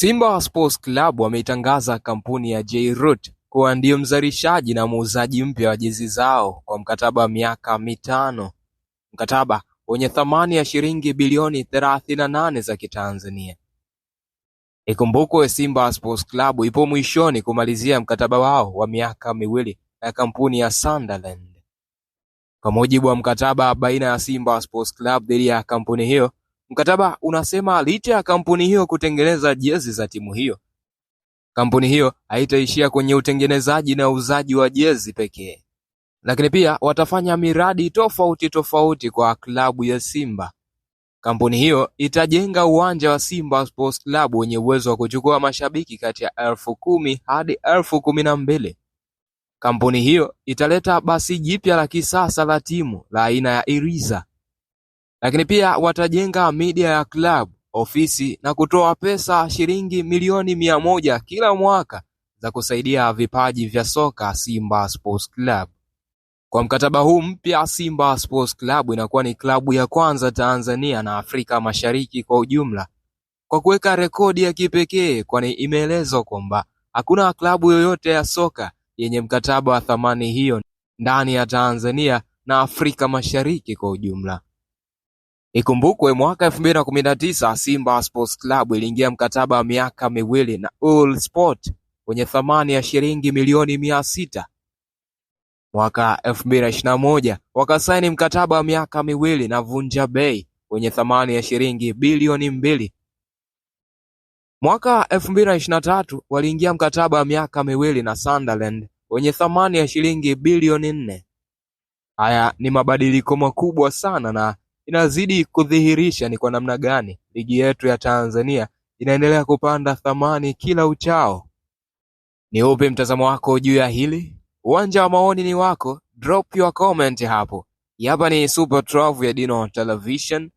Simba Sports Club wameitangaza kampuni ya J-Root kuwa ndio mzalishaji na muuzaji mpya wa jezi zao kwa mkataba wa miaka mitano, mkataba wenye thamani ya shilingi bilioni 38 za Kitanzania. Ikumbukwe Simba Sports Club ipo mwishoni kumalizia mkataba wao wa miaka miwili na kampuni ya Sunderland. Kwa mujibu wa mkataba baina ya Simba Sports Club dhidi ya kampuni hiyo, Mkataba unasema licha ya kampuni hiyo kutengeneza jezi za timu hiyo, kampuni hiyo haitaishia kwenye utengenezaji na uuzaji wa jezi pekee, lakini pia watafanya miradi tofauti tofauti kwa klabu ya Simba. Kampuni hiyo itajenga uwanja wa Simba Sports Club wenye uwezo wa kuchukua mashabiki kati ya elfu kumi hadi elfu kumi na mbili. Kampuni hiyo italeta basi jipya la kisasa la timu la aina ya Iriza lakini pia watajenga Media Club ofisi na kutoa pesa shilingi milioni mia moja kila mwaka za kusaidia vipaji vya soka Simba Sports Club. Kwa mkataba huu mpya, Simba Sports Club inakuwa ni klabu ya kwanza Tanzania na Afrika Mashariki kwa ujumla kwa kuweka rekodi ya kipekee, kwani imeelezwa kwamba hakuna klabu yoyote ya soka yenye mkataba wa thamani hiyo ndani ya Tanzania na Afrika Mashariki kwa ujumla. Ikumbukwe mwaka 2019 Simba Sports Club iliingia mkataba wa miaka miwili na All Sport wenye thamani ya shilingi milioni mia sita Mwaka 2021 wakasaini mkataba wa miaka miwili na Vunja Bay wenye thamani ya shilingi bilioni mbili Mwaka 2023 waliingia mkataba wa miaka miwili na Sunderland wenye thamani ya shilingi bilioni nne Haya ni mabadiliko makubwa sana na inazidi kudhihirisha ni kwa namna gani ligi yetu ya Tanzania inaendelea kupanda thamani kila uchao. Ni upi mtazamo wako juu ya hili? Uwanja wa maoni ni wako, drop your comment hapo. Hapa ni Super 12 ya Dino Television.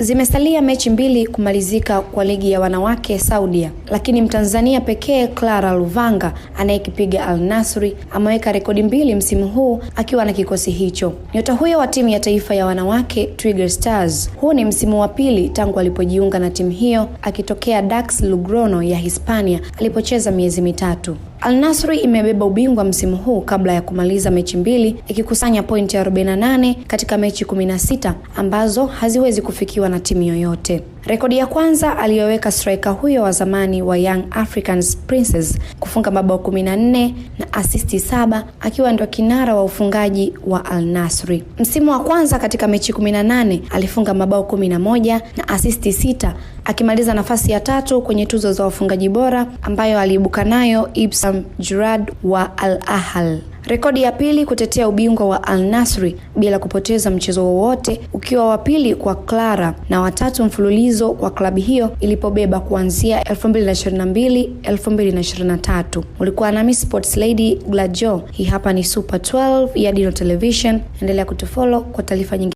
Zimesalia mechi mbili kumalizika kwa ligi ya wanawake Saudia, lakini Mtanzania pekee Clara Luvanga anayekipiga Al Nasri ameweka rekodi mbili msimu huu akiwa na kikosi hicho. Nyota huyo wa timu ya taifa ya wanawake Twiga Stars, huu ni msimu wa pili tangu alipojiunga na timu hiyo akitokea Dax Lugrono ya Hispania alipocheza miezi mitatu. Al imebeba ubingwa msimu huu kabla ya kumaliza mechi mbili ikikusanya pointi 48 katika mechi 16 ambazo haziwezi kufikiwa na timu yoyote. Rekodi ya kwanza aliyoweka striker huyo wa zamani wa Young Africans princes kufunga mabao 14 na asisti saba akiwa ndio kinara wa ufungaji wa Al Nasri. Msimu wa kwanza katika mechi 18 alifunga mabao 11 na asisti sita akimaliza nafasi ya tatu kwenye tuzo za wafungaji bora ambayo aliibuka nayo Ibsa Hassam Jurad wa Al Ahal. rekodi ya pili kutetea ubingwa wa Al Nasri bila kupoteza mchezo wowote, ukiwa wa pili kwa Clara na watatu mfululizo kwa klabu hiyo ilipobeba kuanzia 2022 2023. Ulikuwa nami Sports Lady Glajo. Hii hapa ni Super 12 ya Dino Television. Endelea kutufollow kwa taarifa nyingine.